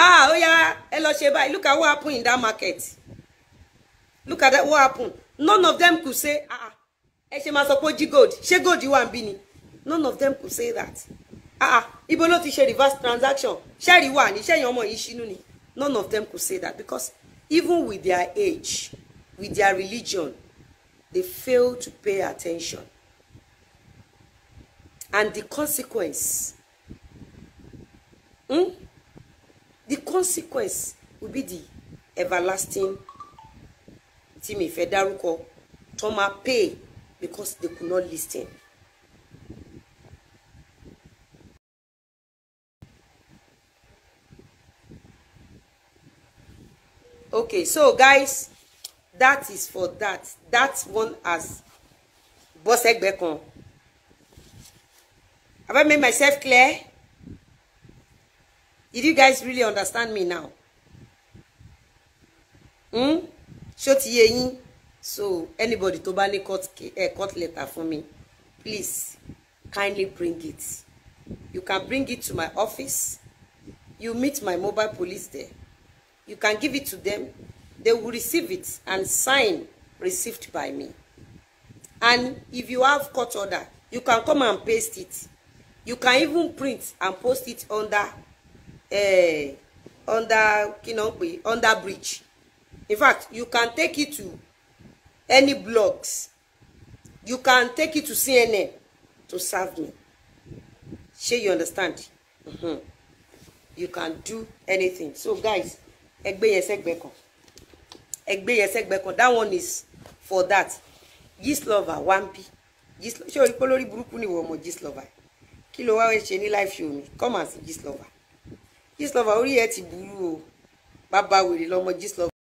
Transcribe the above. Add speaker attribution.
Speaker 1: ah oh yeah, ẹ lọ ṣe báyìí look at what happened in that market look at that, what happened? none of them could say ah, ah. ẹ ṣe máa sọ pé ó jí gold ṣé gold wà ń bí ni none of them could say that ah, ah. ibo ló ti ṣe reverse transaction ṣẹ́ẹ̀rì wà ní ṣẹ́yìn ọmọ yìí ṣínú ni none of them could say that because even with their age with their religion they fail to pay attention and the consequence. Hmm? the consequence will be the everlasting tí mi fẹ́ dárúkọ tó pay because they could not listen. okay so guys that is for that that one as Bọ́sẹ̀gbẹ́ kan have I made myself clear. Did you guys really understand me now? Hmm? Ṣó So anybody tó bá ní court, eh, court letter for me, please kindly bring it. You can bring it to my office. You meet my mobile police there. You can give it to them. They will receive it and sign received by me. And if you have court order, you can come and paste it. You can even print and post it under eh, under kí náà under bridge in fact you can take it to any blogs you can take it to CNN to serve me shey you understand mm-hmm. you can do anything so guys ẹgbẹ́ yẹn sẹ́gbẹ́ kan ẹgbẹ́ yẹn sẹ́gbẹ́ kan that one is for that Gistlover one p ṣé orí pé lórí burúkú ni ìwọ ọmọ Gistlover kí ló wá ṣe ní live show mi come and see Gistlover Gistlover orí ẹ̀ ti burú o bàbá wèrè lọmọ Gistlover.